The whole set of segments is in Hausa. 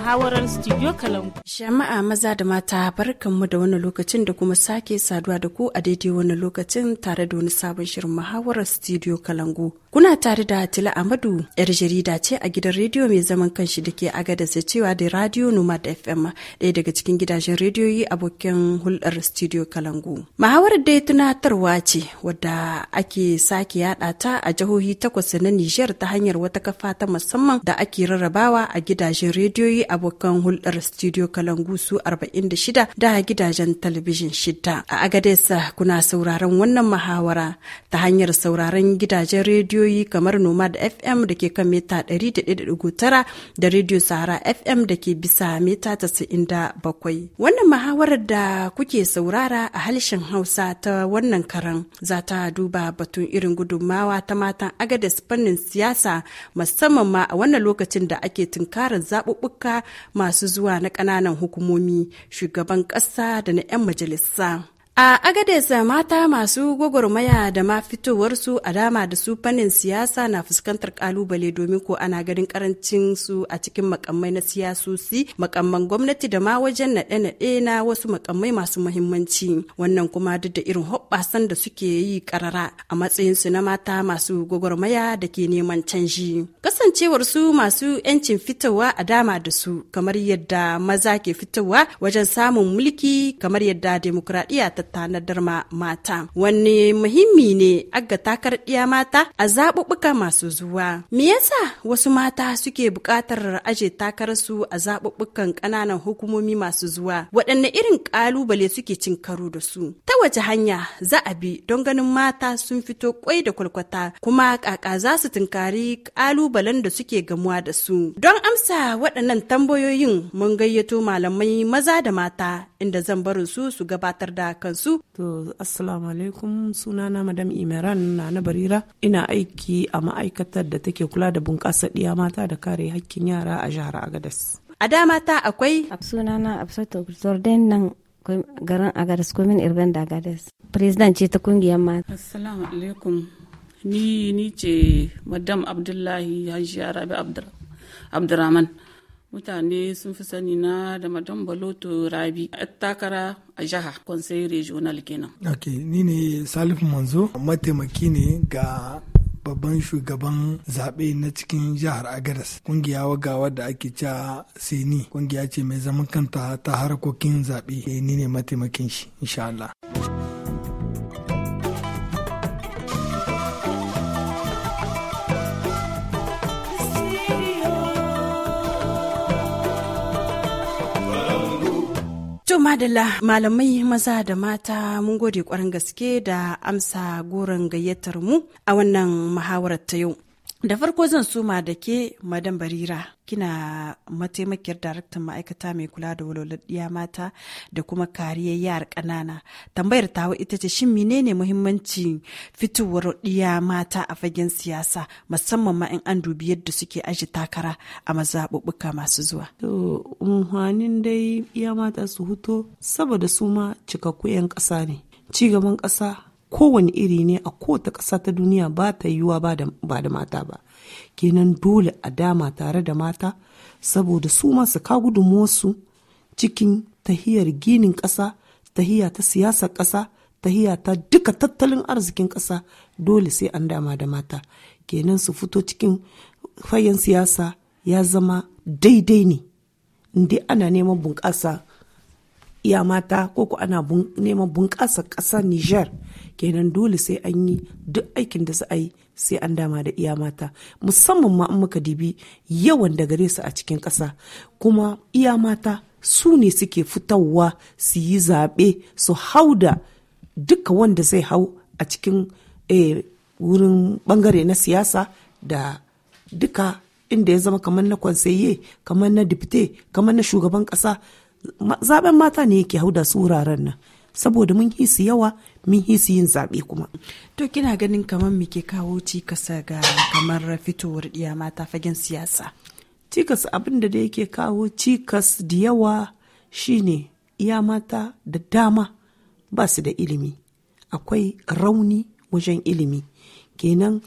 muhawarar studio kalangu. Jama'a maza da mata barkanmu da wani lokacin da kuma sake saduwa da ku a daidai wani lokacin tare da wani sabon shirin muhawarar studio kalangu Kuna tare da Tila Amadu, yar jarida ce a gidan rediyo mai zaman kanshi da ke agadarsa cewa da Radio Nomad FM ɗaya daga cikin gidajen rediyoyi abokin hulɗar Studio Kalangu. Mahawar dai tunatarwa ce wadda ake sake yaɗa ta a jihohi takwas na Nijar ta hanyar wata kafa ta musamman da ake rarrabawa a gidajen rediyoyi abokan hulɗar Studio Kalangu su arba'in da shida da gidajen talabijin shida. A agadesa kuna sauraron wannan mahawara ta hanyar sauraron gidajen rediyo rediyoyi kamar nomad fm da ke kan mita 100.9 da radio sahara fm da ke bisa mita 97 wannan muhawarar da kuke saurara a halshen hausa ta wannan karan za ta duba batun irin gudummawa ta matan agadas fannin siyasa musamman ma a wannan lokacin da ake tunkarar zaɓuɓɓuka masu zuwa na ƙananan hukumomi shugaban ƙasa da na 'yan majalisa A agadesa mata masu gwagwarmaya da ma fitowarsu a dama da su fannin siyasa na fuskantar kalubale domin ko ana ganin karancin su a cikin makamai na siyasosi, makamman gwamnati da ma wajen naɗe-naɗe na wasu makamai masu muhimmanci. Wannan kuma duk da irin hoɓɓasan da suke yi karara a matsayin su na mata masu gwagwarmaya da ke neman canji. Kasancewar su masu 'yancin fitowa a dama da su kamar yadda maza ke fitowa wajen samun mulki kamar yadda demokradiyya ta tanadar ma mata. Wanne muhimmi ne aga takar ɗiya mata a zaɓuɓɓuka masu zuwa. Me yasa wasu mata suke buƙatar aje takararsu a zaɓuɓɓukan ƙananan hukumomi masu zuwa? Waɗanne irin ƙalubale suke cin karo da su? Ta wace hanya za a bi don ganin mata sun fito kwai da kwalkwata kuma ƙaƙa za su tunkari ƙalubalen da suke gamuwa da su. Don amsa waɗannan tambayoyin mun gayyato malamai maza da mata inda zan barin su su gabatar da kansu. su to assalamu alaikum sunana madam imran na na barira ina aiki a ma'aikatar da take kula da bunƙasa ɗiya mata da kare haƙƙin yara a jihar agadas a dama ta akwai sunana absatu jordan nan garin agadas komin irgan da agadas president ce ta kungiyar mata assalamu alaikum ni ni ce madam abdullahi hajiya rabi abdurrahman mutane sun fi sani na da madam baloto rabi a takara a jiha conseil regional kenan ok ni ne salifu manzo mataimaki ne ga babban shugaban zaɓe na cikin jihar agadas kungiya wagawa da ake ca seni kungiya ce mai zaman kanta ta harkokin zaɓe eh, ni ne mataimakin shi insha Allah. To madalla malamai maza da mata mun gode kwarin gaske da amsa goron gayyatar mu a wannan muhawarar ta yau. Da farko zan suma da ke Madan Barira kina mataimakiyar daraktan ma'aikata mai kula da walwalar mata da kuma kariyar yara ƙanana. Tambayar tawa ita ce shin menene muhimmancin fitowar ɗiya mata a fagen siyasa musamman ma in an dubi yadda suke aji takara a mazaɓuɓɓuka masu zuwa. To, umhanin dai iya mata su huto saboda su ma cikakku 'yan ƙasa ne. Ci gaban ƙasa kowane iri ne a kowace ƙasa ta duniya ba ta yiwuwa ba da mata ba kenan dole a dama tare da mata saboda su masu ka gudunmuwarsu cikin tahiyar ginin ƙasa tahiya ta siyasar ƙasa tahiya ta duka tattalin arzikin ƙasa dole sai an dama da mata kenan su fito cikin fayan siyasa ya zama daidai ne inda ana neman bunƙasa iya mata ko ku ana neman bunƙasa ƙasar Nijar kenan dole sai an yi duk aikin da za a yi sai an dama da iya mata musamman ma an muka dibi yawan da gare su a cikin ƙasa kuma iya mata su ne suke fitowa su yi zaɓe su hau da duka wanda zai hau a cikin eh, wurin bangare na siyasa da duka inda ya zama kamar na kwanseye kamar na dipte kamar na shugaban ƙasa zaben mata ne yake hau da su wuraren nan saboda mun hisi yawa mun hisi yin zaɓe kuma. To kina ganin kamar muke ke kawo cikasa ga kamar fitowar ɗiya mata fagen siyasa? Cikas abin da da yake kawo cikas da yawa shine iya mata da dama ba su da ilimi. Akwai rauni wajen ilimi. Kenan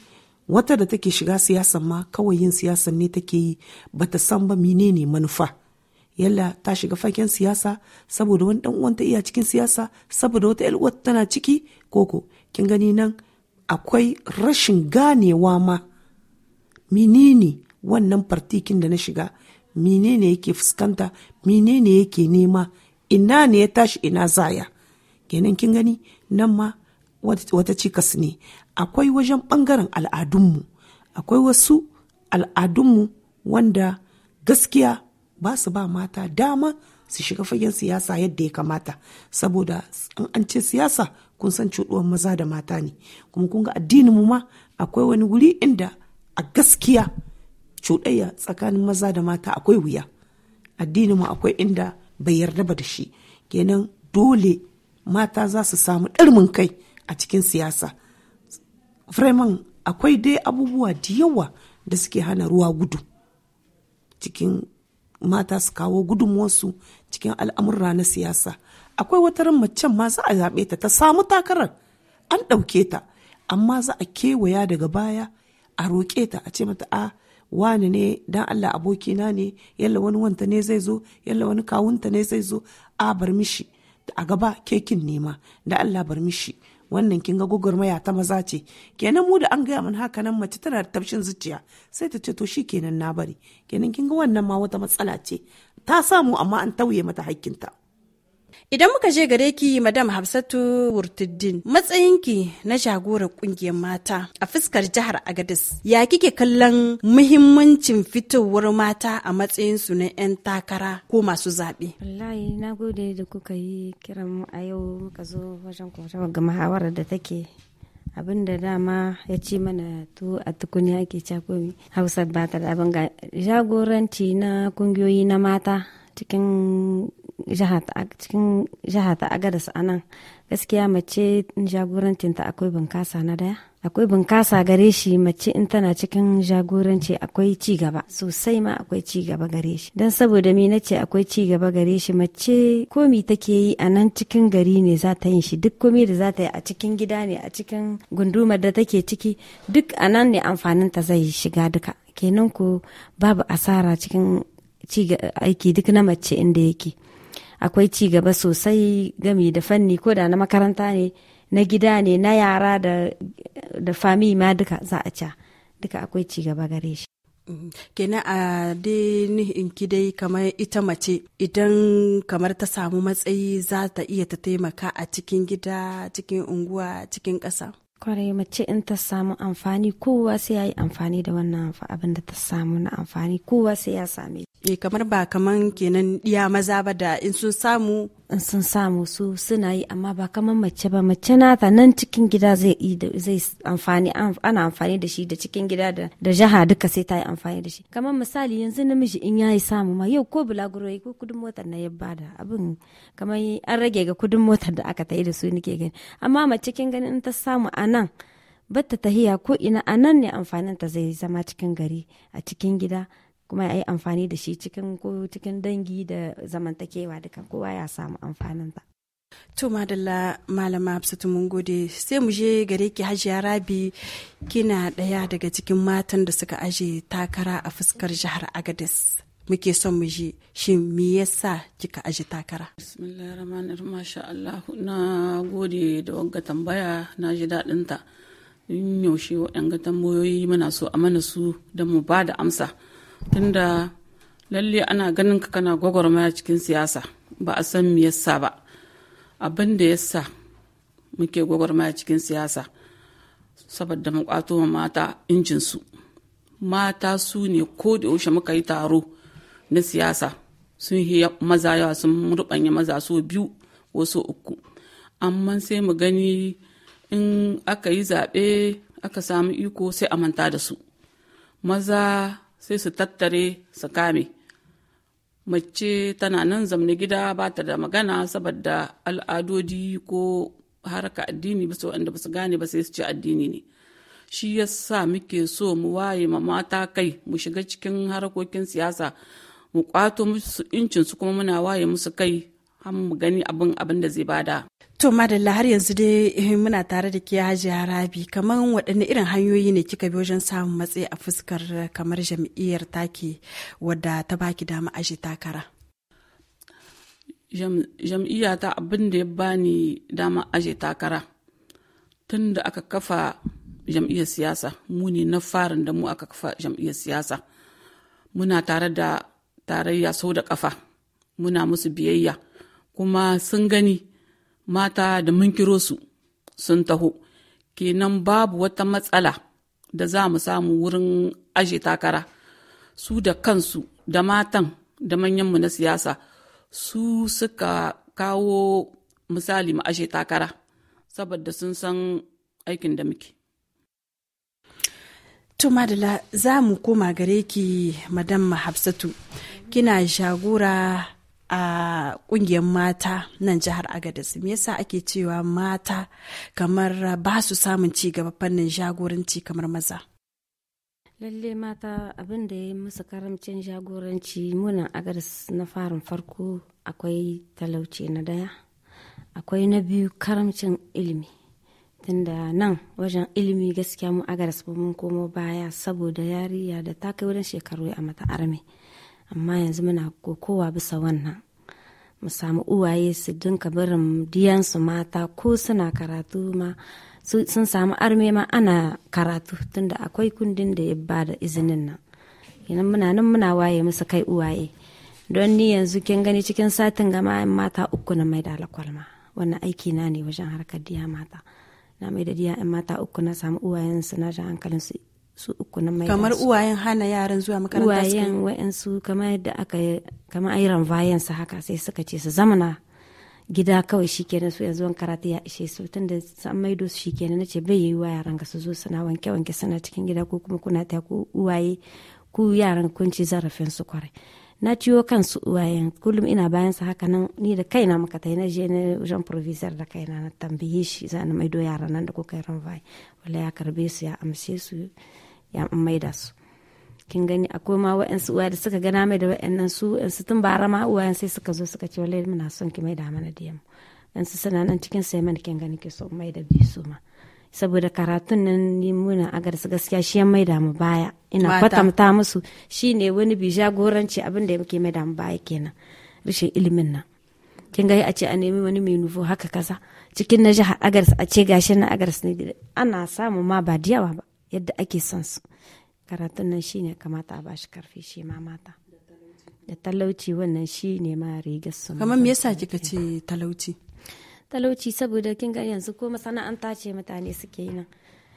wata da take shiga siyasan ma kawai yin siyasan ne take yi bata san ba menene manufa. yalla ta shiga faken siyasa saboda wani dan ta iya cikin siyasa saboda wata yalwa tana ciki koko kin gani nan akwai rashin ganewa ma menene wannan fartikin da na shiga menene yake fuskanta menene yake nema ina ne ya tashi ina zaya kenan kin gani nan ma wata cikas ne akwai wajen bangaren al'adunmu akwai wasu al'adunmu wanda gaskiya ba su ba mata dama su shiga fagen siyasa yadda ya kamata saboda an ce siyasa kun san cuɗuwar maza da mata ne kuma kun ga addinin ma akwai wani wuri inda a gaskiya cuɗayya tsakanin maza da mata akwai wuya addinin mu akwai inda bai yarda ba da shi kenan dole mata za su samu ɗarmin kai a cikin siyasa Freeman akwai dai abubuwa da yawa da suke hana ruwa gudu cikin mata su kawo gudunmuwarsu cikin al'amurra na siyasa akwai wata ran macen ma za a zaɓe ta ta samu takarar an ɗauke ta amma za a kewaya daga baya a roƙe ta a ce mata a ah, wani ne dan Allah abokina ne yalla wani wanta ne zai zo yalla wani kawunta ne zai zo a ah, bar mishi a gaba kekin nema da Allah bar mishi wannan kin ga gwagwarmaya ta maza ce kenan mu da an gaya min haka nan mace tana da tafshin zuciya sai ta ce to shi kenan na bari kenan kin ga wannan ma wata matsala ce ta samu amma an tauye mata hakkinta. Idan muka je gare ki Madam Hafsatu Wurtuddin matsayinki na jagorar kungiyar mata a fuskar jihar Agadis. Ya kike kallon muhimmancin fitowar mata a matsayin su na 'yan takara ko masu zaɓe? Wallahi na gode da kuka yi kiran mu a yau muka zo wajen kwatawa ga muhawarar da take abin da dama ya ci mana tu a tukuni ake cakomi hausa ba ta da abin ga jagoranci na kungiyoyi na mata cikin jiha ta agadas a nan gaskiya mace jagorancinta akwai bunkasa na daya akwai bunkasa gare shi mace in tana cikin jagoranci akwai ci gaba sosai ma akwai ci gaba gare shi don saboda me na ce akwai ci gaba gare shi mace komi take yi a nan cikin gari ne za ta yin shi duk komi da za ta yi a cikin gida ne a cikin gundumar da take ciki duk a nan ne ta zai shiga duka kenan ko babu asara cikin aiki duk na mace inda yake akwai ci gaba sosai gami da fanni ko da na makaranta ne na gida ne na yara da, da fami ma duka za a ca duka akwai ci gaba gare shi mm-hmm. kenan a in ki dai kamar ita mace idan kamar ta samu matsayi za ta iya ta taimaka a cikin gida cikin unguwa cikin ƙasa kwarai mace in ta samu amfani kowa sai ya yi amfani da wannan abin da ta samu na amfani kowa sai ya same eh kamar ba kaman kenan iya maza ba da in sun samu in sun samu su suna yi amma ba kaman mace ba mace nata nan cikin gida zai zai amfani ana amfani da shi da cikin gida da da jaha duka sai ta yi amfani da shi kamar misali yanzu namiji in yayi samu ma yau ko bulaguro ko kudin motar na ya bada abin kamar an rage ga kudin motar da aka tayi da su nake gani amma mace kin ganin in ta samu a nan ta tahiya ko ina a nan ne amfanin ta zai zama cikin gari a cikin gida kuma ya yi amfani da shi cikin cikin dangi da zamantakewa duka kowa ya samu amfanin ta to madalla malama hafsatu mun gode sai mu je gare ki hajiya rabi kina daya daga cikin matan da suka aje takara a fuskar jihar agadez muke son mu ji shin me yasa kika aje takara bismillahirrahmanirrahim masha Allah na gode da wanga tambaya na ji dadin ta in yaushe waɗanga tambayoyi muna so a mana su da mu ba da amsa tunda lalle ana ganin ka kana gwagwarmaya cikin siyasa ba a san me yasa ba abin da yasa muke gwagwarmaya cikin siyasa saboda mu kwato mata injinsu mata su ne ko da yaushe muka yi taro na siyasa sun yi maza yawa sun rubanya maza so biyu wasu uku amma sai mu gani in aka yi zaɓe aka samu iko sai a manta da su maza sai su tattare su kame mace tana nan zamne gida ba ta da magana saboda al'adodi ko haraka addini ba su wanda ba su gane ba sai su ce addini ne shi ya yasa muke so mu waye ma mata kai mu shiga cikin harkokin siyasa mu kwato musu incinsu kuma muna waye musu kai har mu gani abin abin da zai bada To madalla har yanzu dai eh, muna tare da ke Haji Harabi kamar waɗanne irin hanyoyi ne kika bi wajen samun matsayi a fuskar eh, kamar jam'iyyar take wadda ta baki dama aji takara? Jam'iyya ta abin da ya bani dama aje takara tun da aka kafa jam'iyyar siyasa mu ne na farin da mu aka kafa jam'iyyar siyasa muna tare da tarayya sau da kafa muna musu biyayya kuma sun gani mata da mun kiro su sun taho kenan babu wata matsala da za mu samu wurin ashe takara su da kansu da matan da manyanmu na siyasa su suka kawo misali mu ashe takara saboda sun san aikin da muke To Madala za mu koma gare ki madam Hafsatu kina shagura a kungiyar mata nan jihar agadez me yasa ake cewa mata kamar ba su samun ci gaba fannin jagoranci kamar maza lalle mata abin da ya musu karamcin jagoranci munan agadis na farin farko akwai talauci na daya akwai na biyu karamcin ilimi tunda nan wajen ilimi gaskiya mu ba mun komo baya saboda yariya da ta kai wurin shekaru a mata armi. amma yanzu muna kokowa bisa wannan mu samu uwaye su dinka barin diyansu mata ko suna karatu ma sun samu arme ma ana karatu tunda akwai kundin da ya ba da izinin nan idan muna nan muna waye musu kai uwaye don ni yanzu kin gani cikin satin gama mata uku na mai da alkwalma wannan aiki na ne wajen harkar diya mata na mai da diya mata uku na samu uwayensu na jan hankalinsu su uku na mai kamar uwayen hana yaran zuwa makaranta uwayen wa'ansu kamar yadda aka kamar ayran bayan su haka sai suka ce su zamana gida kawai shikenan su yanzu wani karatu ya ishe su tun da san maido su shikenan nace bai yi wa yaran ga su zo suna wanke wanke suna cikin gida ko kuma kuna ta ku uwaye ku yaran kun ci zarafin su kwarai na ciwo kansu uwayen kullum ina bayan haka nan ni da kaina muka tai na je na wajen provisor da kaina na tambaye shi za mai maido yaran nan da kuka ran vai wala ya karbe su ya amshe su ya maida su kin gani akwai ma wa'ansu uwa da suka gana mai da wa'annan su yansu tun bara ma uwayen sai suka zo suka ce wallahi muna son ki maida mana da yamma yansu suna nan cikin sai mana kin gani ki so maida bisu ma saboda karatun nan ni muna a garsu gaskiya shi ya maida mu baya ina kwatanta musu ne wani bi jagoranci abin da muke maida mu baya kenan rashin ilimin nan kin ga a ce a nemi wani mai nufo haka kaza cikin na jihar agars a ce gashi na agars ne ana samu ma ba da yawa ba yadda ake son su karatun nan ne kamata a bashi karfi shi ma mata da talauci wannan shi ne ma rigar su kamar me yasa kika ce talauci talauci saboda kin ga yanzu ko masana'anta ce mutane suke yi nan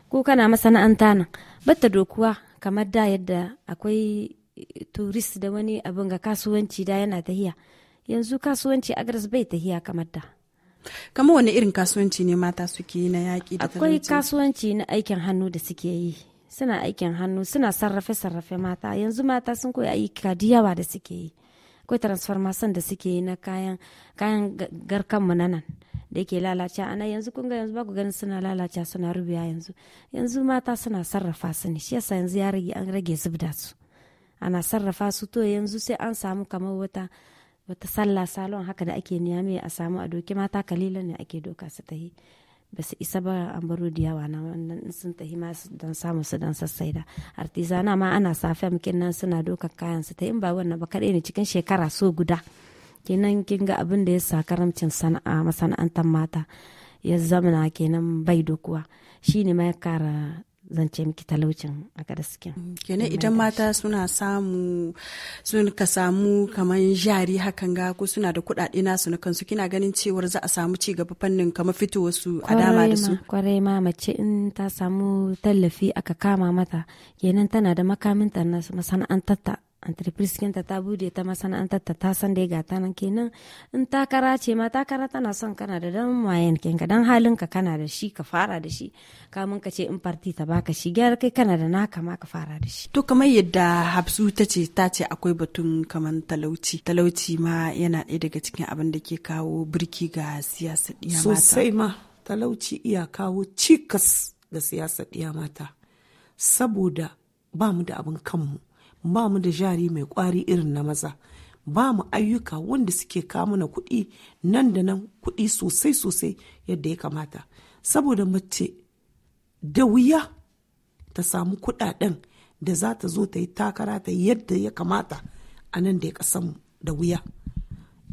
ko kana masana'anta nan batta dokuwa kamar da yadda akwai eh, turist da wani abin ga kasuwanci da yana tahiya yanzu kasuwanci agres bai tahiya kamar da kamar wani irin kasuwanci ne mata suke yi na yaƙi da akwai kasuwanci na aikin hannu da suke yi suna aikin hannu suna sarrafe sarrafe mata yanzu mata sun koyi ayyuka da yawa da suke yi akwai transformation da suke yi na kayan kayan mu na nan da yake lalace ana yanzu kun yanzu ba ku ganin suna lalace suna rubiya yanzu yanzu mata suna sarrafa su ne shi yasa yanzu ya rage an rage zubda su ana sarrafa su to yanzu sai an samu kamar wata wata sallah salon haka da ake niyame a samu a doki mata kalilan ne ake doka su ta yi ba su isa ba an baro da yawa na wannan sun tahi ma don samu su don sassaida artizana ma ana safiya mukin nan suna doka kayan su ta in ba wannan ba kaɗai ne cikin shekara so guda kenan kin ga abin da ya sa karamcin sana'a masana'antar mata ya zamana kenan bai dokuwa shine ne mai kara zance miki talaucin a gaskiya. Mm, kenan idan mata suna samu sun ka samu kamar jari hakan ga ko suna da kuɗaɗe su na kansu kina ganin cewar za a samu ci gaba fannin kamar fitowar su a dama da su kwarai ma mace in ta samu tallafi aka kama mata kenan tana da makaminta na ta. entreprise ta bude ta masana'antar ta ta san dai gata nan kenan in takara ce ma takara tana son kana da dan mayan kenka dan halin ka kana da shi ka fara da shi kamun ka ce in farti ta baka shi gyar kai kana da naka ma ka fara da shi to kamar yadda Habsu ta ce ta ce akwai batun kamar talauci talauci ma yana ɗaya daga cikin abin da ke kawo birki ga siyasa ɗiya mata sosai ma talauci iya kawo cikas ga siyasa ɗiya mata saboda ba mu da abin kanmu ba mu da jari mai kwari irin na maza ba mu ayyuka wanda suke kawo mana kuɗi nan da nan kuɗi sosai sosai yadda ya kamata saboda mace da wuya ta samu kuɗaɗen da za ta zo ta yi takara ta yadda ya kamata a nan da ya kasan da wuya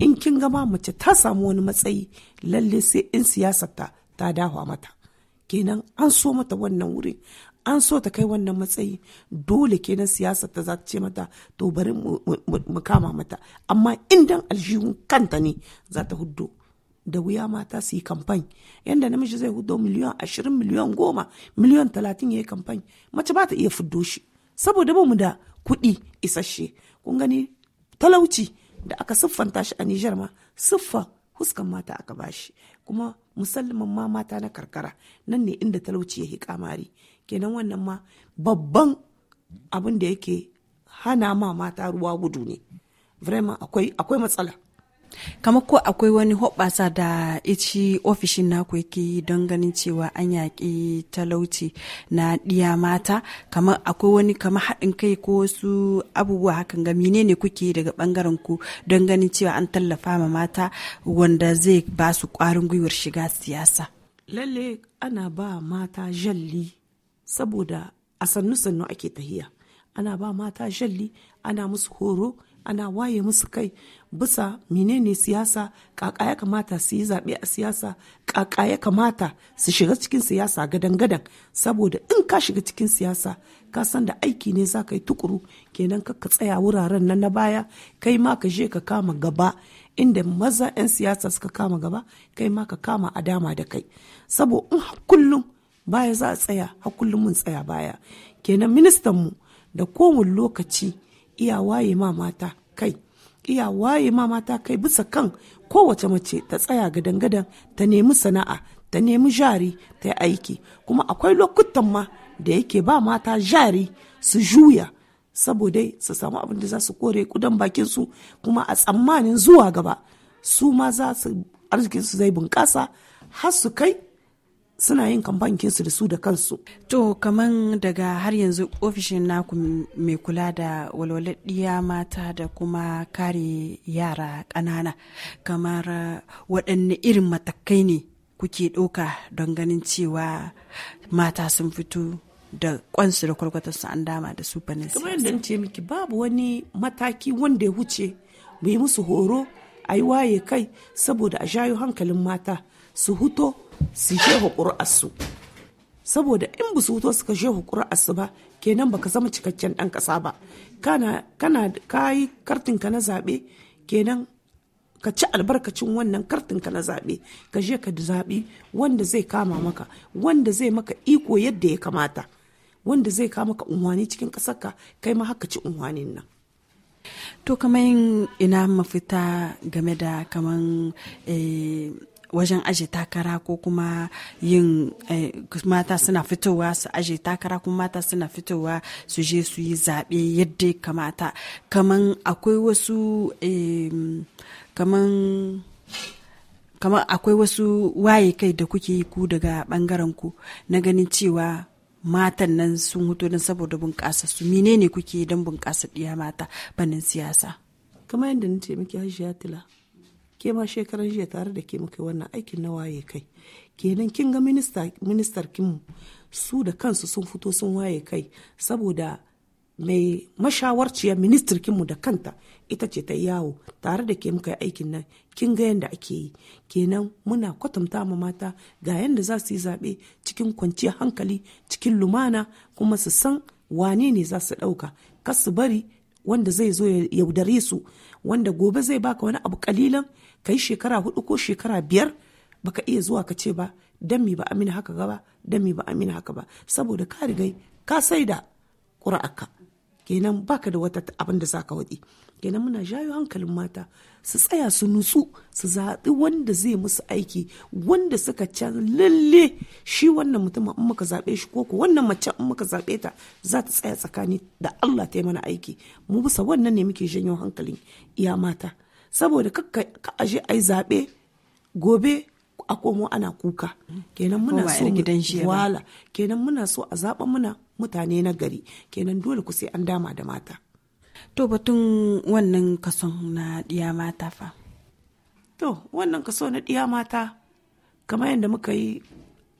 in kin gama mace ta samu wani matsayi lalle sai in siyasarta ta dawa mata kenan an so mata wannan wurin an so ta kai wannan matsayi dole kenan siyasar ta za ta ce mata to bari mu kama mata amma indan aljihun kanta ne za ta huddo da wuya mata su yi kamfan yadda namiji zai huddo miliyan ashirin miliyan goma miliyon talatin ya yi kamfan mace ba ta iya fuddo shi saboda ba mu da kuɗi isasshe kun gani talauci da aka siffanta shi a Nijar ma siffa huskan mata aka bashi kuma musallin ma mata na karkara nan ne inda talauci ya hi kamari kenan wannan ma babban abin da yake hana ma mata ruwa gudu ne vraiment akwai matsala kamar ko akwai wani hoɓasa da ici ofishin naku yake don ganin cewa an yaƙi talauci na ɗiya mata kamar akwai wani kamar haɗin kai ko wasu abubuwa hakan ga mine ne kuke daga ɓangaren ku don ganin cewa an tallafa ma mata wanda zai ba su ƙwarin gwiwar shiga siyasa lalle ana ba mata jalli saboda a sannu-sannu ake tahiya ana ba mata jalli ana musu horo ana waye musu kai bisa menene siyasa kaka ya kamata su yi zaɓe a siyasa kaka ya kamata su shiga cikin siyasa gadan-gadan saboda in ka shiga cikin siyasa ka san da aiki ne za ka yi tukuru kenan ka ka tsaya wuraren nan na baya kai ma ka je ka kama gaba inda maza 'yan siyasa suka kama gaba kai ma ka kama a dama da kai sabo in kullum baya za a tsaya har kullum mun tsaya baya kenan ministan mu da kowane lokaci iya waye ma mata kai iya waye ma mata kai bisa kan kowace mace ta tsaya gadan-gadan ta nemi sana'a ta nemi jari ta yi aiki kuma akwai lokutan ma da yake ba mata jari su juya saboda su samu abin da za su kore kudan bakin su kuma a tsammanin zuwa gaba su ma za su arzikin su zai bunƙasa har su kai suna yin kamfanin su da su da kansu to kaman daga har yanzu ofishin naku mai kula da walwalaɗiya mata da kuma kare yara ƙanana kamar uh, waɗanne irin matakai ne kuke ɗauka don ganin cewa mata sun fito da kwansu da kwalkwatarsu an dama da su fannin kamar yadda ce miki babu wani mataki wanda ya wuce mu yi musu horo a yi waye kai saboda a shayo hankalin mata su huto su shehu ƙuri'arsu saboda in ba su wuto suka shehu ƙuri'arsu ba kenan baka zama cikakken ɗan ƙasa ba kana kana kayi kartinka na zaɓe kenan ka ci albarkacin wannan kartinka na zaɓe ka je ka zaɓi wanda zai kama maka wanda zai maka iko yadda ya kamata wanda zai kama maka unwani cikin ƙasarka kai ma haka ci unwanin nan to kamar ina mafita game da kamar eh, wajen aje takara ko kuma yin eh, mata suna fitowa su aje takara kuma mata suna fitowa su je su yi zaɓe yadda kamata kaman akwai wasu kaman kamar akwai wasu waye kai da kuke yi ku daga bangaren ku na ganin cewa matan nan sun hutu don saboda bunƙasa su menene kuke don bunƙasa ɗiya mata fannin siyasa kamar yadda nace miki hajiya tila ke ma shekaran jiya tare da ke muka wannan aikin na waye kai kenan kin ga ministar kin su da kansu sun fito sun waye kai saboda mai mashawarciyar ministar kinmu da kanta ita ce ta yawo tare da ke muka yi aikin nan kin ga yadda ake yi kenan muna kwatanta ma mata ga yadda za su yi zaɓe cikin kwanciyar hankali cikin lumana kuma su san wane ne za su ɗauka ka su bari wanda zai zo ya yaudare su wanda gobe zai baka wani abu kalilan kai shekara hudu ko shekara biyar baka iya zuwa ka ce ba dan mi ba amina haka gaba dan mi ba amina haka ba saboda ka rigai ka saida ƙura'aka kenan baka da wata abin da za ka waɗi kenan muna jayo hankalin mata su tsaya su nutsu su zaɓi wanda zai musu aiki wanda suka can lalle shi wannan mutum in muka zaɓe shi ko ku wannan mace in muka zaɓe ta za ta tsaya tsakani da Allah ta yi mana aiki mu bisa wannan ne muke janyo hankalin iya mata saboda ka aje ai zaɓe gobe a komo ana kuka kenan muna so wala kenan muna so a zaɓa muna mutane na gari kenan dole ku sai an dama da mata to batun wannan kaso na ɗiya mata fa to wannan kaso na ɗiya mata kamar yadda muka yi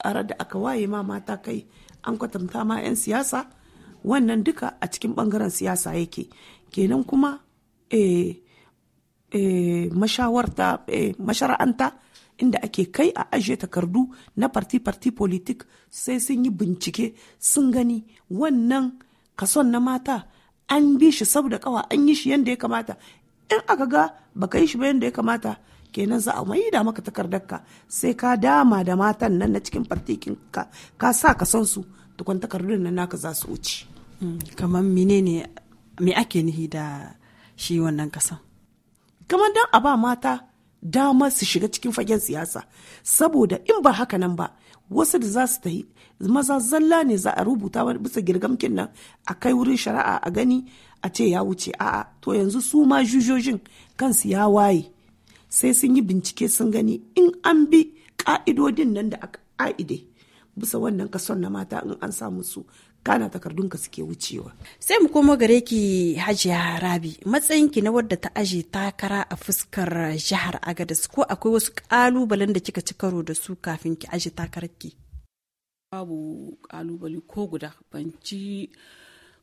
a da aka waye ma mata kai an kwatanta ma 'yan siyasa wannan duka a cikin bangaren siyasa yake kenan kuma eh Eh, mashawarta eh, mashara'anta inda ake kai a ajiye takardu na parti-parti politik sai sun yi bincike sun gani wannan kason na mata an bi shi saboda kawa an yi shi yadda ya kamata in aka ga baka yi shi ba yadda ya kamata kenan za a da maka takardarka sai ka dama da matan nan na cikin partikin ka ka sa ka san su tukun takardun nan naka za su wuce hmm, kamar menene me ake nihi da shi wannan kasan kamar don a ba mata dama su shiga cikin fagen siyasa saboda in ba haka nan ba wasu da za su ta yi maza zalla ne za a rubuta bisa girgamkin nan a kai wurin shari'a a gani a ce ya wuce a'a to yanzu su ma jujojin kansu ya waye sai sun yi bincike sun gani in an bi ka'idodin nan da aka ka'ide bisa wannan kason na mata in an samu su kana takardunka suke wucewa. Sai mu koma gare ki Hajiya Rabi matsayinki na wadda ta aje takara a fuskar jihar Agadez ko akwai wasu kalubalen da kika ci karo da su kafin ki aje takararki? Babu kalubale ko guda ban ci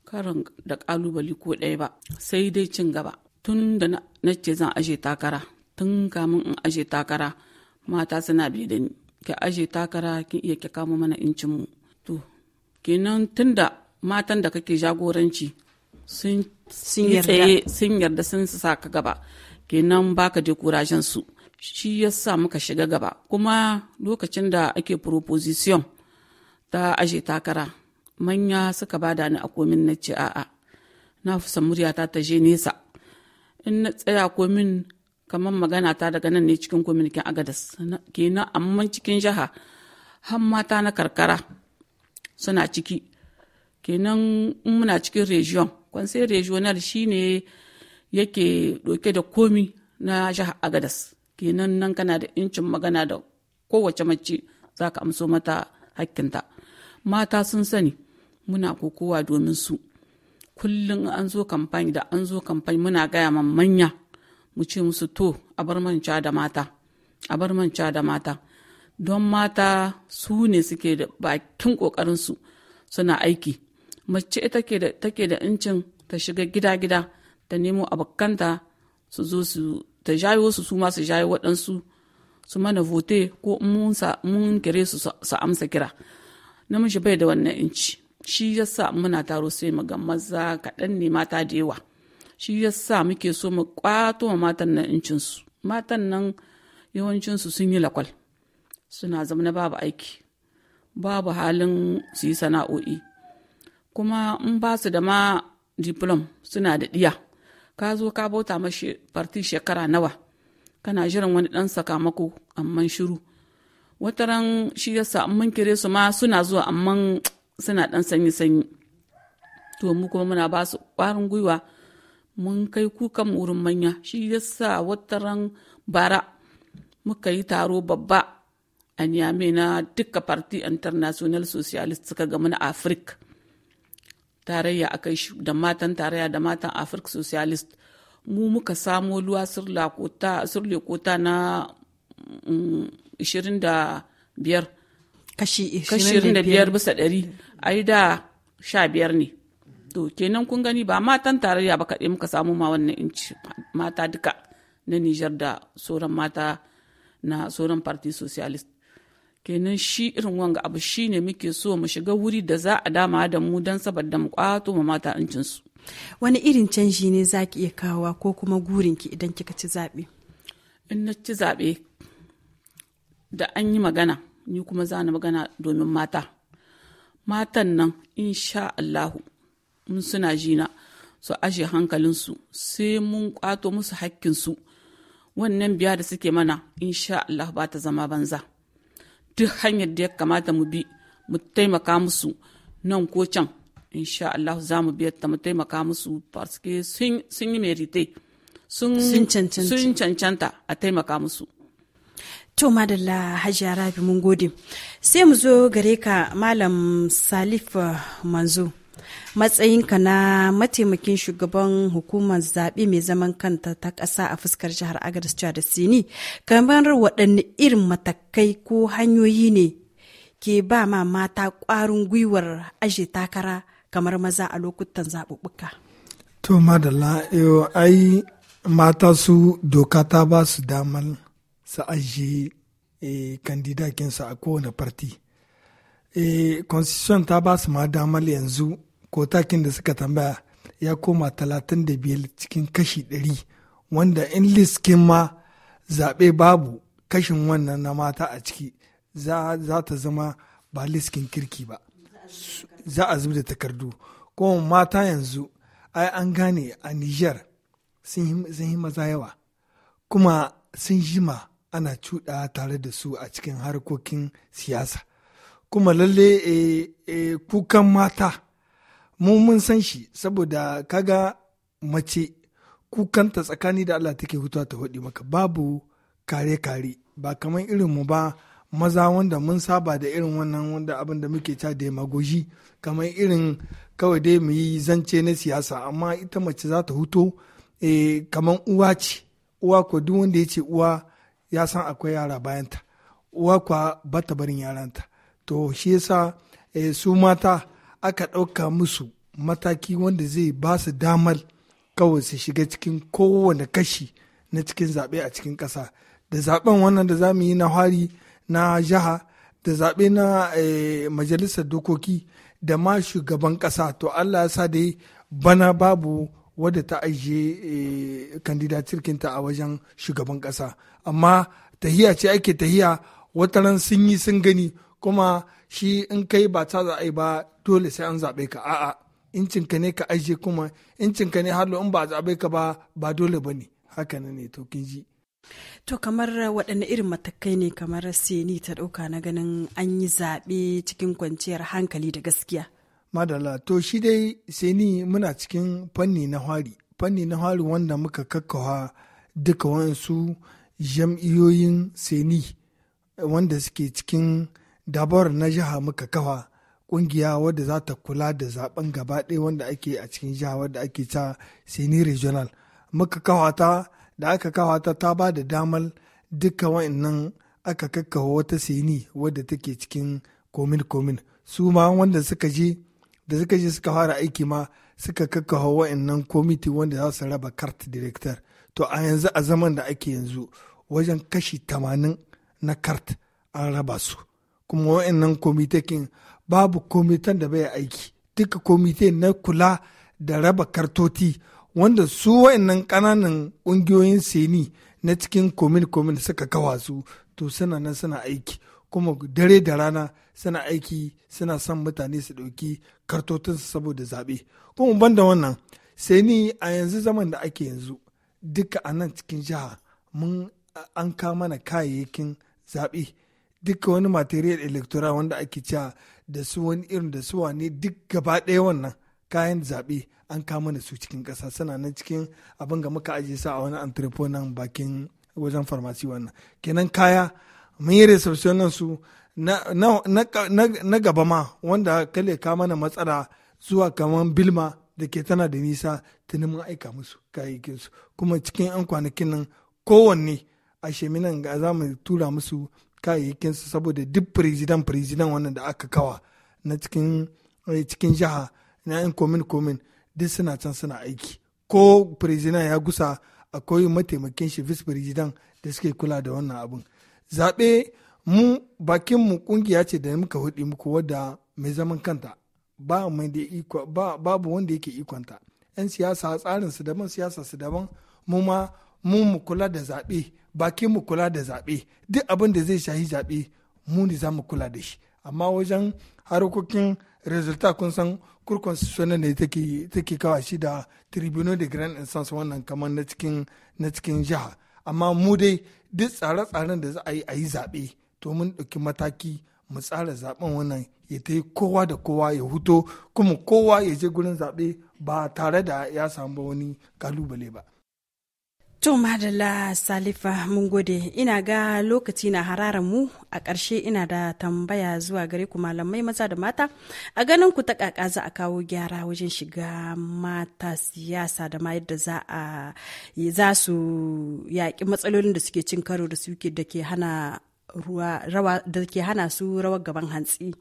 karon da kalubale ko ɗaya ba sai dai cin gaba tun da na ce zan aje takara tun kamun in aje takara mata suna bi da ni ki aje takara kin iya ki kama mana incinmu. mu kenan tunda matan da kake jagoranci sun yi tsaye sun yarda sun sa ka gaba kenan baka je kurajen su shi ya sa muka shiga gaba kuma lokacin da ake proposition ta aje takara manya suka bada ni a komin na ce a'a na fusa muryata ta je nesa in na tsaya komin kamar magana ta daga nan ne cikin komin kin agadas kenan amma cikin jiha har mata na karkara suna ciki kenan in muna cikin region conseil regional shine yake doke da komi na jihar agadas kenan nan kana da incin magana da kowace mace za ka amso mata hakkinta mata sun sani muna kokowa domin su kullum an zo kamfani da an zo kamfani muna gaya man manya mu ce musu to a bar manca da mata a bar manca da mata don mata su ne suke da bakin kokarinsu suna aiki mace take da incin ta shiga gida-gida ta nemo abokanta su zo su ta jayo su su su jayo waɗansu su mana vote ko mun kere su su amsa kira namiji bai da wannan inci shi yasa muna taro sai mu maza kaɗan ne mata da yawa shi yasa muke so mu kwato matan nan incinsu matan nan yawancinsu sun yi lakwal suna na babu aiki babu halin su yi sana'o'i kuma in ba su da ma diplom suna da ɗiya ka zo ka bauta mashi farti shekara nawa kana jiran wani dan sakamako amman shiru wataran shi yasa mun kire su ma suna zuwa amman suna dan sanyi-sanyi to mu kuma muna ba su kwarin gwiwa mun kai kukan wurin manya shi yasa wataran bara muka yi taro babba a Niamey na duka Parti International Socialist suka gama na Afirka. Tarayya a yi da matan tarayya da matan Afirka Socialist. Mu muka samo luwa surle kota na 25 mm, kashi 25 bisa 100 ai da 15 ne. To kenan kun gani ba matan tarayya ba kaɗai muka samu ma wannan inci mata duka na Nijar da sauran mata na sauran Parti Socialist. kenan shi irin wanga abu shi ne muke so mu shiga wuri da za a dama da mu don saboda mu kwato ma mata su. wani irin canji ne za ki iya kawowa ko kuma gurinki idan kika ci zaɓe in na ci zaɓe da an yi magana ni kuma za na magana domin mata matan nan insha Allahu mun suna jina su ashe hankalinsu sai mun kwato musu hakkinsu wannan biya da suke mana insha allahu ba ta zama banza duk hanyar da ya kamata mu bi mu taimaka musu nan ko can insha Allah za mu biyar ta mu taimaka musu parce sun yi merite sun cancanta a taimaka musu To madalla Hajiya Rabi mun gode. Sai mu zo gare ka Malam Salif eh, Manzo. matsayinka na mataimakin shugaban hukumar zaɓe mai zaman kanta ta ƙasa a fuskar jihar agadis jihar da sini kamar waɗanne irin matakai ko hanyoyi ne ke ba ma mata ƙwarin gwiwar aje takara kamar maza a lokutan zaɓuɓɓuka to madalla eh, ai mata su doka ta ba su damar su aje eh, kandidakinsu a kowane farti eh, constitution ta ba su ma damar yanzu ko takin da suka tambaya ya koma 35 cikin kashi 100 wanda in liskin ma zaɓe babu kashin wannan na mata a ciki za, ta zama ba liskin kirki ba za a zubi da takardu kuma mata yanzu ai an gane a niger sun yi maza yawa kuma sun jima ana cuɗa tare da su a cikin harkokin siyasa kuma lalle eh, eh, kukan mata mu mun san shi saboda kaga mace kukanta tsakani da Allah take hutuwa ta hudi maka babu kare kare ba kamar irin mu ba maza wanda mun saba da irin wannan wanda abin da muke ca demagogi kamar irin kawai dai mu yi zance na siyasa amma ita mace za ta huto e, eh, kamar uwa ce uwa ko duk wanda ya ce uwa ya san akwai yara bayanta uwa kwa bata barin yaranta to shi yasa e, su mata aka ɗauka musu mataki wanda zai ba su damar kawai su shiga cikin kowane kashi na cikin zaɓe a cikin ƙasa da zaɓen wannan da za mu yi na hari na jiha da zaɓe na eh, majalisar dokoki da ma shugaban ƙasa to allah ya sa dai bana babu wadda ta ajiye eh, kandidatirkinta a wajen shugaban ƙasa amma tahiya ce ake tahiya wataran sun yi sun gani kuma shi in kai ba ta za a yi ba dole sai an zaɓe ka a'a incinka ne ka aje kuma incinka ne hallo in ba a zaɓe ka ba ba dole ba ne haka ne to kin ji To kamar waɗanne irin matakai ne kamar seni ta ɗauka na ganin an yi zaɓe cikin kwanciyar hankali da gaskiya? madala to shi dai seni muna cikin fanni na hari, fanni na hari wanda muka kakkawa duka waansu jam'iyoyin seni wanda suke cikin Dabor na jiha muka kafa kungiya wadda za ta kula da zaben gaba ɗaya wanda ake a cikin jiha wadda ake ta seni regional muka kawa ta da aka kawa ta ta ba da damar duka wa'annan aka kakkawa wata seni wadda take cikin komin komin su ma wanda suka je da suka je suka fara aiki ma suka kakkawa wa'annan komiti wanda za su raba kart director to a yanzu a zaman da ake yanzu wajen kashi tamanin na kart an raba su kuma wa'annan komitekin babu komitan da bai aiki duka komite na kula da raba kartoti wanda su wa'annan ƙananan ƙungiyoyin seni na cikin komin komin suka kawa su to suna nan suna aiki kuma dare da rana suna aiki suna son mutane su ɗauki kartotinsu saboda zaɓe kuma ban da wannan seni a yanzu zaman da ake yanzu duka a nan cikin jiha mun an kama na kayayyakin zaɓe duka wani material electoral wanda ake cewa da su wani irin da su wane duk gaba ɗaya wannan kayan zaɓe an kama da su cikin ƙasa suna nan cikin abin ga muka ajiye sa a wani entrepot bakin wajen farmasi wannan kenan kaya mun yi reception nan su na, gaba ma wanda kale ka mana matsala zuwa kamar bilma da ke tana da nisa tuni mun aika musu su kuma cikin 'yan kwanakin nan kowanne a sheminan ga za mu tura musu kayayyakinsu saboda duk firizidan firizidan wannan da aka kawa na cikin eh, cikin jiha na yan komin komin duk suna can suna aiki ko firizidan ya gusa akwai mataimakin shi vice firizidan da suke kula da wannan abun. zaɓe mu bakin mu ƙungiya ce da muka hudu muku wadda mai zaman kanta babu wanda yake ikonta yan siyasa tsarin su daban siyasa su daban mu ma mu mu kula da zaɓe baki mu kula da zaɓe duk abin da zai shahi zaɓe mu ne za mu kula da shi amma wajen harkokin resulta kun san cour sunan ne take kawa shi da tribunal de grand instance wannan kamar na cikin na cikin jiha amma mu dai duk tsare-tsaren da za a yi a yi zaɓe to mun ɗauki mataki mu tsara zaɓen wannan ya ta yi kowa da kowa ya huto kuma kowa ya je gurin zaɓe ba tare da ya samu wani kalubale ba To Madalla Salifa mun gode ina ga lokaci na hararan mu a ƙarshe ina da tambaya zuwa gare ku malamai maza da mata a ganin ku ta kaka za a kawo gyara wajen shiga mata siyasa da ma yadda za a za su yaƙi matsalolin da suke cin karo da suke da ke hana ruwa rawa da ke hana su rawar gaban hantsi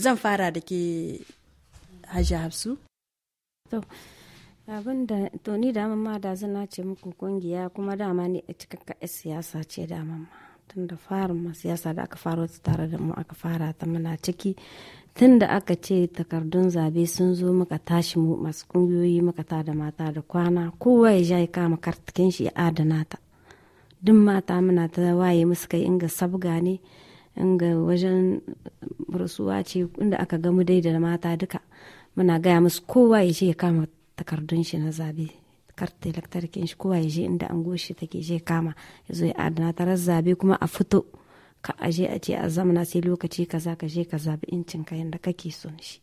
zan fara da ke Hajji Hafsu. abin da to da mamma da zana ce muku kungiya kuma dama ne a cikakka siyasa ce da mamma tun da farin ma siyasa da aka fara ta tare da mu aka fara ta muna ciki tun da aka ce takardun zabe sun zo muka tashi mu masu kungiyoyi muka ta da mata da kwana kowa ya ja ya kama kartikin shi ya adana ta duk mata muna ta waye musu kai inga sabga ne inga wajen rasuwa ce inda aka gamu dai da mata duka muna gaya musu kowa ya ce ya kama takardun shi na zabe karta lantarkin shi kowa ya je inda an shi take je kama ya zo ya adana ta tarar zabe kuma a fito ka a je a ce a zamana sai lokaci kaza ka je ka zabi incin ka yanda kake son shi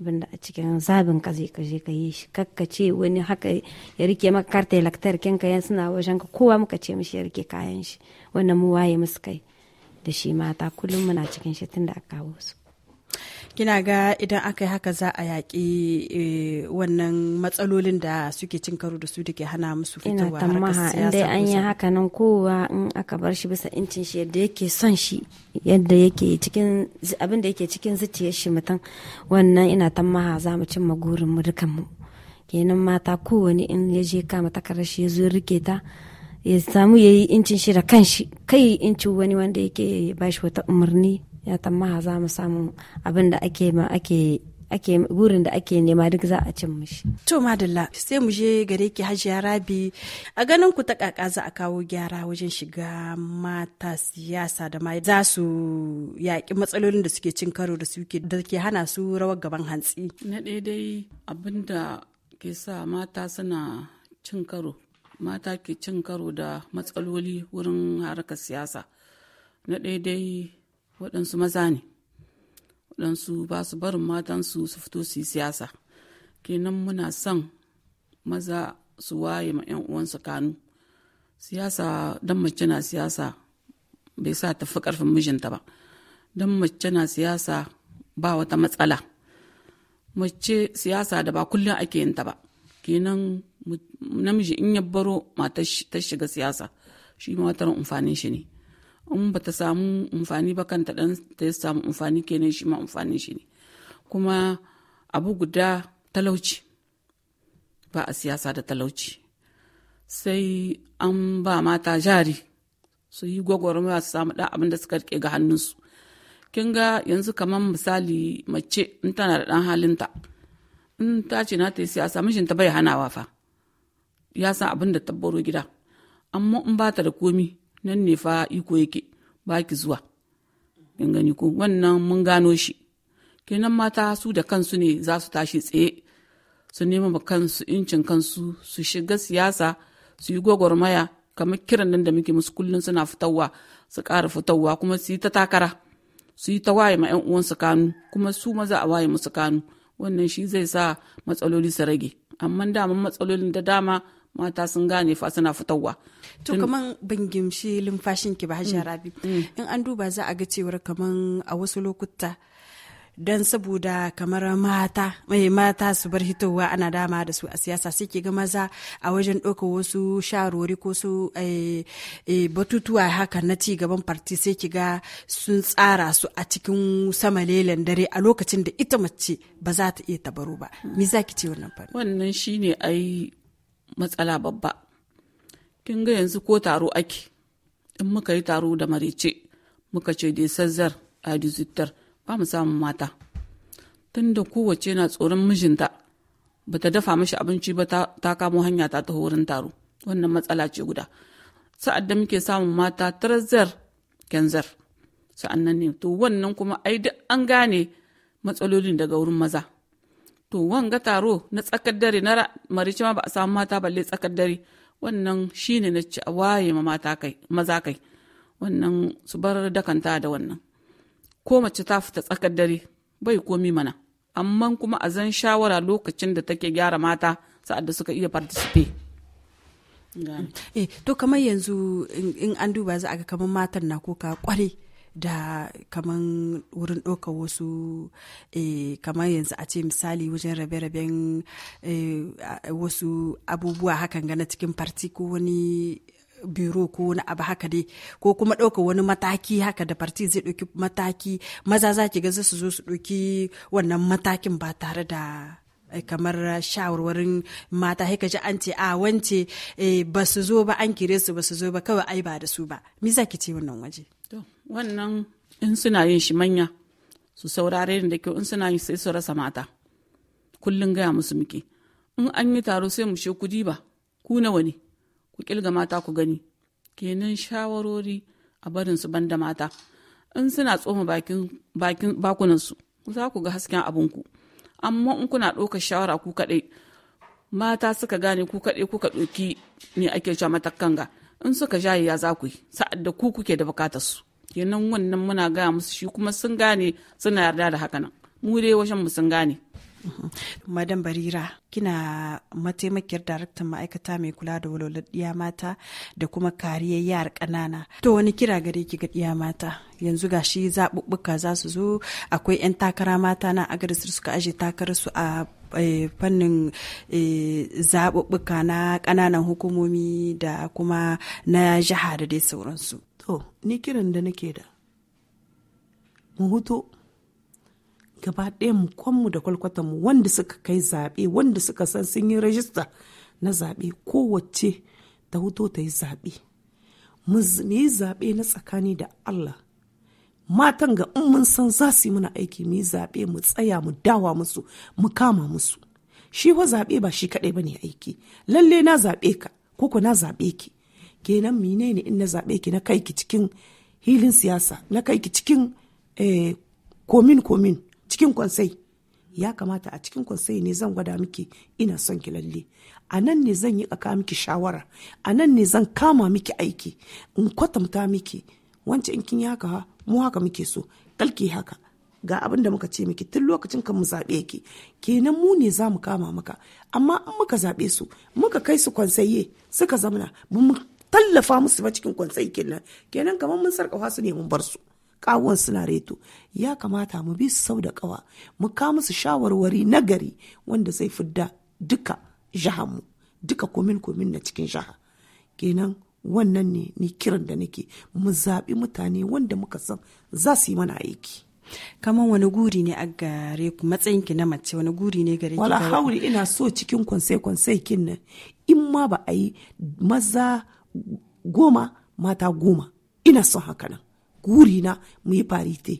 abinda a cikin zabin ka zai ka je ka yi shi kakka ce wani haka ya rike maka karta lantarkin ka yan suna wajen ka kowa muka ce mishi ya rike kayan shi wannan mu waye musu kai da shi mata kullum muna cikin shi tun da aka kawo su kina ga idan aka yi haka za a yaƙi eh, wannan matsalolin da suke cin karo da su da ke hana musu fitowa harkar siyasa ina dai an yi haka nan kowa in aka bar shi bisa incin shi yadda yake son shi yadda yake cikin abin da yake cikin zuciyar shi mutum wannan ina tammaha za mu cimma gurin mu dukan mu kenan mata kowane in ya je kama takarar shi ya zo rike ta ya samu ya yi incin shi da kanshi kai incin wani wanda yake bashi wata umarni ya maha za mu samu abin da ake ma ake ake burin da ake nema duk za a cin mishi. To madalla sai mu je gare ki hajiya rabi a ganin ku ta kaka za a kawo gyara wajen shiga mata siyasa da ma za su yaƙi matsalolin da suke cin karo da suke da ke hana su rawar gaban hantsi. Na ɗaya dai abin da ke sa mata suna cin karo mata ke cin karo da matsaloli wurin harkar siyasa. Na ɗaya waɗansu maza ne waɗansu ba su barin matansu su fito su yi siyasa kenan muna son maza su waye ma 'yan uwansu kanu siyasa don mace na siyasa bai sa tafi ƙarfin mijinta ba don mace na siyasa ba wata matsala mace siyasa da ba kullum ake yinta ba kenan namiji in ya baro ma ta shiga siyasa shi ma watar amfanin shi ne in bata samu amfani ba kanta dan ta samu amfani kenan shi ma amfanin shi ne kuma abu guda talauci ba a siyasa da talauci sai an ba mata jari su yi gwagwarmaya su samu ɗan abin da suka rike ga hannunsu kin ga yanzu kamar misali mace in tana da ɗan halinta in ta ce na ta yi siyasa mijinta bai hanawa fa ya san abin da tabbaro gida amma in ba ta da komi nan ne fa iko yake ba ki zuwa kin gani ko wannan mun gano shi kenan mata su da kansu ne za su tashi tsaye su nema ma kansu incin kansu su shiga siyasa su yi gwagwarmaya kamar kiran nan da muke musu kullum suna fitowa su ƙara fitowa kuma su yi ta takara su yi ta waye ma 'yan uwansu kanu kuma su maza a waye musu kanu wannan shi zai sa matsaloli su rage amma daman matsalolin da dama mata sun gane fa suna fitowa. To kaman ban gimshi lumfashin ki ba Hajiya mm. Rabi. Mm. In an duba za a ga cewar kaman a wasu lokuta don saboda kamar mata mai eh, mata su bar hitowa ana dama da su a siyasa sai ke ga maza a wajen ɗaukar wasu sharori ko su eh, eh, batutuwa haka na ci gaban farti sai ki ga sun tsara su a cikin sama lelen dare a lokacin da ita mace ba za ta iya tabaro ba me za ki ce wannan fari wannan shine ai matsala babba kin ga yanzu ko taro ake in muka yi taro da marice muka ce dai sazzar a dizittar ba mu samun mata tunda kowace na tsoron mijinta ba ta dafa mashi abinci ba ta kamo hanya ta wurin taro wannan matsala ce guda sa'ad da muke samun mata tarazzar kyanzar sa'an nan ne to wannan kuma ai duk an gane matsalolin daga wurin maza to wanga taro na tsakar dare na marice ma ba a samu mata balle tsakar dare wannan shine na ci a waye ma mata kai maza kai wannan su bar dakanta da wannan ko mace ta fita tsakar dare bai komi mana amma kuma a zan shawara lokacin da take gyara mata sa'ad da suka iya participate eh, to kamar yanzu in an duba za a ga kamar matan na kuka kwarai da kaman wurin ɗaukar wasu eh, kamar yanzu a ce misali wajen rabe-raben eh, wasu abubuwa hakan gana cikin farti ko wani biro ko wani abu haka dai ko kuma ɗauka wani mataki haka da farti zai ɗauki mataki maza za ki ga za su zo su ɗauki wannan matakin ba tare da eh, kamar shawarwarin mata haka ji an ce a wance ba su zo ba an kire su ba su zo ba kawai ai ba da su ba me za ki ce wannan waje wannan in suna yin shi manya su saurare da kyau in suna yin sai su rasa mata kullum gaya musu muke in an yi taro sai mu kudi ba ku nawa ne ku kilga mata ku gani kenan shawarori a barin su banda mata in suna tsoma bakin bakunansu za ku ga hasken ku amma in kuna ɗaukar shawara ku kaɗai mata suka gane ku kaɗai kuka ɗauki ne ake cewa matakan ga in suka jaye ya za ku yi sa'ad da ku kuke da bukatar su kenan wannan muna gaya musu shi kuma sun gane suna yarda da haka nan mu dai wajen mu sun gane uhuh. madam barira kina mataimakiyar daraktan ma'aikata mai kula da walwalar ɗiya mata da kuma kariyar yar kanana. to wani kira gare ki ga ɗiya mata yanzu gashi zaɓuɓɓuka za su zo akwai 'yan takara mata na agarisir suka aje takararsu a fannin e, zaɓuɓɓuka na kananan hukumomi da kuma na jiha da dai sauransu to ni kiran da nake da mu huto gaba ɗaya mu kwanmu da kwalkwatanmu wanda suka kai zaɓe wanda suka san sun yi rajista na zaɓe kowace ta huto ta yi zaɓe mu yi zaɓe na tsakani da allah matan ga in mun san za su yi muna aiki mu yi zaɓe mu tsaya mu dawa musu mu kama musu shi wa zaɓe ba shi kaɗai ba ne aiki lalle na zaɓe ka koko na zaɓe ki kenan mine ne in na zaɓe ki na kai ki cikin hilin siyasa na kai ki cikin eh, komin komin cikin kwansai ya kamata a cikin kwansai ne zan gwada miki ina son ki lalle a nan ne zan yi kaka miki shawara a nan ne zan kama miki aiki in kwatanta miki wance in kin yi haka mu haka muke so kalki haka ga abin da muka ce miki tun lokacin kan mu zaɓe ki kenan mu ne za mu kama maka amma in muka zaɓe su muka kai su kwansaye suka zamana tallafa musu ba cikin kwansai kenan kenan kamar mun sarkafa su ne mun bar su kawon reto ya kamata mu bi su sau da kawa mu ka musu shawarwari na gari wanda zai fidda duka mu duka komin komin na cikin jiha kenan wannan ne ni kiran da nake mu zaɓi mutane wanda muka san za su yi mana aiki kaman wani guri ne a gare ku matsayinki na mace wani guri ne gare ki wala hauri ina so cikin kwansai kwansai kin nan in ma ba a yi maza goma mata goma ina son haka nan guri na mu yi farite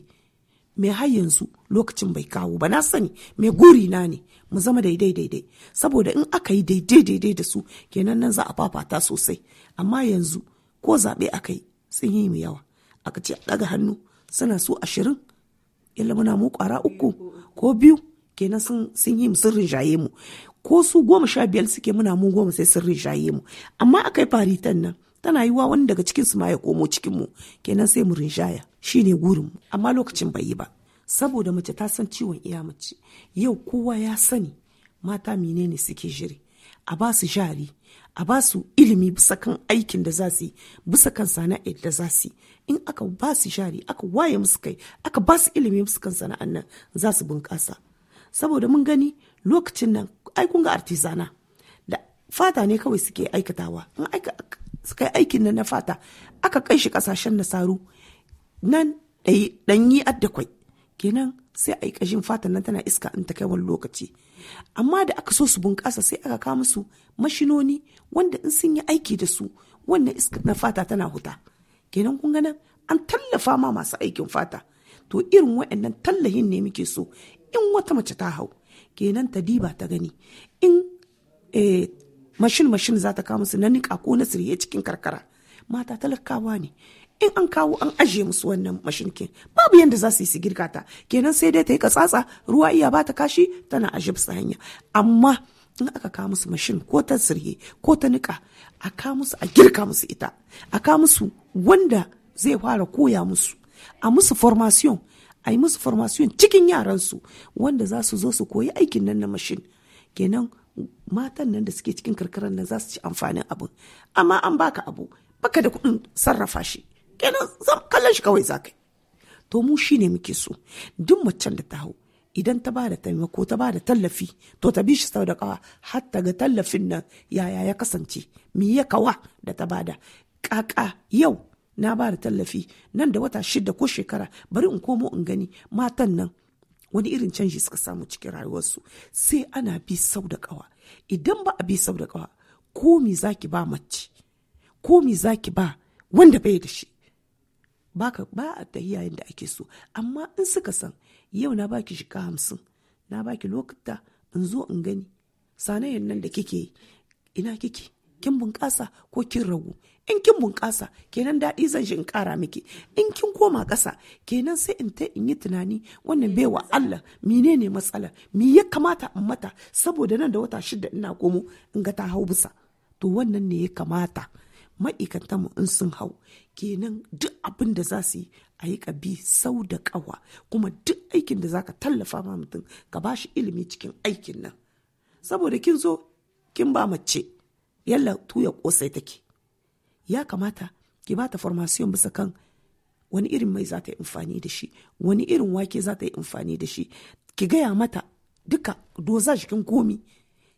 me har yanzu lokacin bai kawo ba na sani me guri na ne mu zama daidai daidai saboda in aka yi daidai daidai da su kenan nan za a fafata sosai amma yanzu ko zaɓe aka yi sun yi mu yawa aka ce daga hannu suna su ashirin illa muna mu kwara uku ko biyu kenan sun yi mu sun rinjaye mu ko su goma sha biyar suke muna mu goma sai sun rinshaye mu amma aka yi faritan nan tana yi wa wani daga cikin su ma ya komo cikin mu kenan sai mu rinshaya shine gurin mu amma lokacin bai yi ba saboda mace ta san ciwon iya mace yau kowa ya sani mata menene suke shiri a ba su jari a ba su ilimi bisa kan aikin da za su yi bisa kan sana'ar da za su yi in aka ba su jari aka waye musu kai aka ba su ilimi bisa kan sana'ar nan za su bunƙasa saboda mun gani lokacin nan ai kun ga artisana da fata ne kawai suke aikatawa in aika suka aikin nan na fata aka kai shi kasashen nasaru nan adda kwai kenan sai a yi kashin fatan nan tana iska in ta kai wani lokaci amma da aka so su bunƙasa sai aka kawo musu mashinoni wanda in sun yi aiki da su wannan iska na fata tana huta kenan kun nan an tallafa ma masu aikin fata to irin waɗannan tallahin ne muke so in wata mace ta hau kenan ta diba ta gani in eh, mashin mashin za ta kawo musu na niƙa ko na sirye cikin karkara mata talakawa ne in an kawo an ajiye musu wannan mashin mashinkin babu yadda za su yi su girka ta kenan sai dai ta yi katsatsa ruwa iya ba ta kashi tana aje su hanya amma in aka kawo musu mashin ko ta sirye ko ta nika a kawo musu a girka musu ita a kawo musu wanda zai fara koya musu a musu formation a yi musu formation cikin yaransu wanda za su zo su koyi aikin nan na mashin kenan matan nan da suke cikin karkarar nan za su ci amfanin abu. amma an baka abu baka da kuɗin sarrafa shi kenan kallon shi kawai za kai. to mu shi ne muke so duk macen da ta hau idan ta bada taimako ta bada tallafi to ta bi shi sau da kawa har ta ga tallafin nan yaya ya kasance mi ya kawa da ta bada kaka yau na ba da tallafi nan da wata shida ko shekara bari in komo in gani matan nan wani irin canji suka samu cikin rayuwarsu sai ana bi sau da kawa idan ba a bi sau da kawa ko mi zaki ba mace ko mi zaki ba wanda bai da shi baka ba a da da ake so amma in suka san yau na baki shika hamsin na baki lokuta in zo in gani sanayin nan da kike ina kike kin bunƙasa ko kin ragu in kin bunƙasa kenan daɗi zan shi in ƙara miki in kin koma ƙasa kenan sai in ta in yi tunani wannan baiwa Allah mine ne matsala mi ya kamata in mata saboda nan da wata shida ina komo in ga ta hau bisa to wannan ne ya kamata ma'aikatan mu in sun hau kenan duk abin da za su yi a yi bi sau da ƙawa kuma duk aikin da zaka tallafa ma mutum ka ba shi ilimi cikin aikin nan saboda kin zo kin ba mace yalla tuya kosai take ya kamata ki ba ta farmasiyon bisa kan wani irin mai za ta yi amfani da shi wani irin wake za ta yi amfani da shi ki gaya mata duka doza jikin komi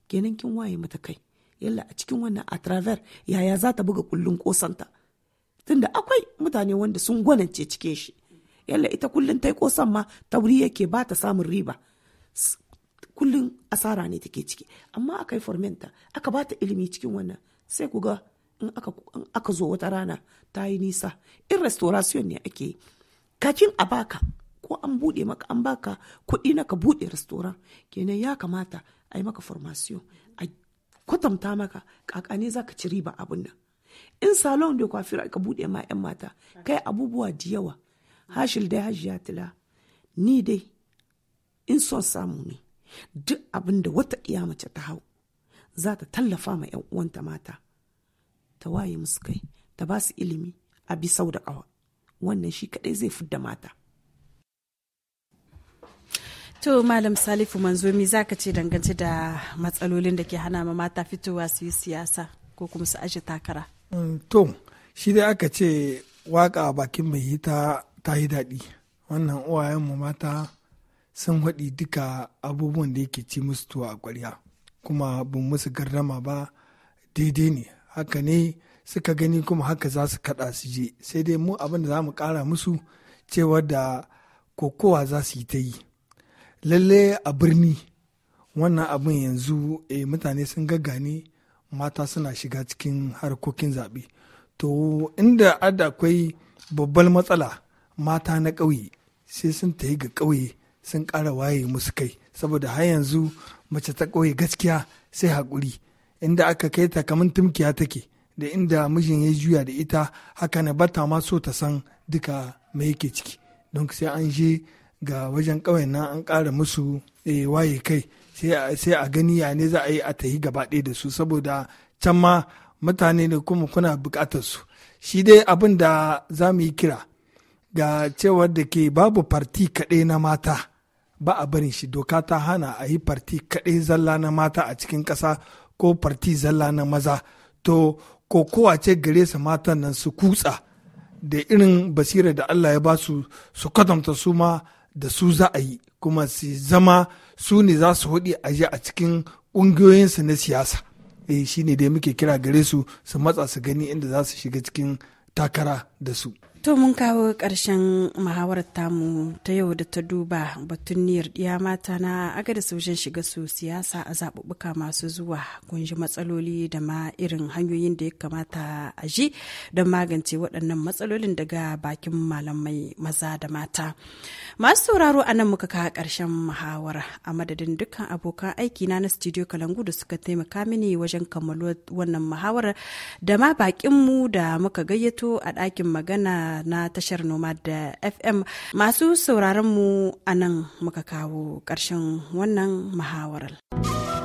kenan kin waye mata kai yalla a cikin wannan a travers yaya za ta buga kullun kosanta tunda akwai mutane wanda sun gwanance cikin shi yalla ita kullun ta yi kosan ma tauri yake ba ta samun riba kullun asara ne take ciki amma aka yi formenta aka ba ta ilimi cikin wannan sai ku ga in aka zo wata rana ta yi nisa in restoration ne ake yi kakin a baka ko an bude maka an baka kuɗi na ka buɗe restoran kenan ya kamata a yi maka formation a kwatanta maka kakane za ka ci riba abin nan in salon da kwafira ka bude ma 'yan mata kai abubuwa da yawa hashil dai hajiya tila ni dai in son samu ne duk abin da wata iya mace ta hau za ta tallafa ma 'yan uwanta mata ta waye musu kai ta ba su ilimi a bi sau da kawa wannan shi kadai zai fidda mata To Malam Salifu Manzomi za ka ce dangance da matsalolin da ke hana ma mata fitowa su yi siyasa ko kuma su aje takara. Mm, to, shi dai aka ce waka a bakin mai hita ta yi daɗi. Wannan uwayen mu mata sun haɗi duka abubuwan da yake ci musu tuwa a ƙwarya. Kuma bin musu gardama ba daidai ne haka ne suka gani kuma haka za su kaɗa su je sai dai mu abin da za mu ƙara musu cewa da kokowa za su yi ta yi lalle a birni wannan abin yanzu e, mutane sun gaggane mata suna shiga cikin harkokin zaɓe to inda ada akwai babbar matsala mata na ƙauye sai sun tayi ga ƙauye sun ƙara waye musu kai saboda har yanzu mace ta ƙauye gaskiya sai haƙuri inda aka kai ta kamar tumkiya take da inda mijin ya juya da ita haka na bata ma so ta san duka me yake ciki don sai an je ga wajen ƙauyen nan an ƙara musu eh, waye kai sai a gani ya ne za a yi a tahi gaba ɗaya da su saboda can ma mutane da kuma kuna buƙatar su shi dai abin da za mu yi kira ga cewar da ke babu farti kaɗai na mata ba a barin shi doka ta hana a yi farti kaɗai zalla na mata a cikin ƙasa ko farti zalla na maza to kowa ce gare su matan nan su kutsa da irin basira da Allah ya basu su su kwatanta su ma da su za a yi kuma su zama su ne za su hudi a a cikin ƙungiyoyinsu na siyasa e shi ne dai muke kira gare su su matsa su gani inda za su shiga cikin takara da su To mun kawo ƙarshen muhawarar tamu ta yau da ta duba batun niyyar ɗiya mata na agada sojan shiga su siyasa a zaɓuɓɓuka masu zuwa kun ji matsaloli da ma irin hanyoyin da ya kamata a ji don magance waɗannan matsalolin daga bakin malamai maza da mata. Masu sauraro a nan muka kawo ƙarshen muhawara a madadin dukkan abokan aiki na na studio Kalangu da suka taimaka mini wajen kammalo wannan muhawarar da ma mu da muka gayyato a ɗakin magana na tashar Nomad da FM. Masu sauraron mu a nan muka kawo ƙarshen wannan muhawarar.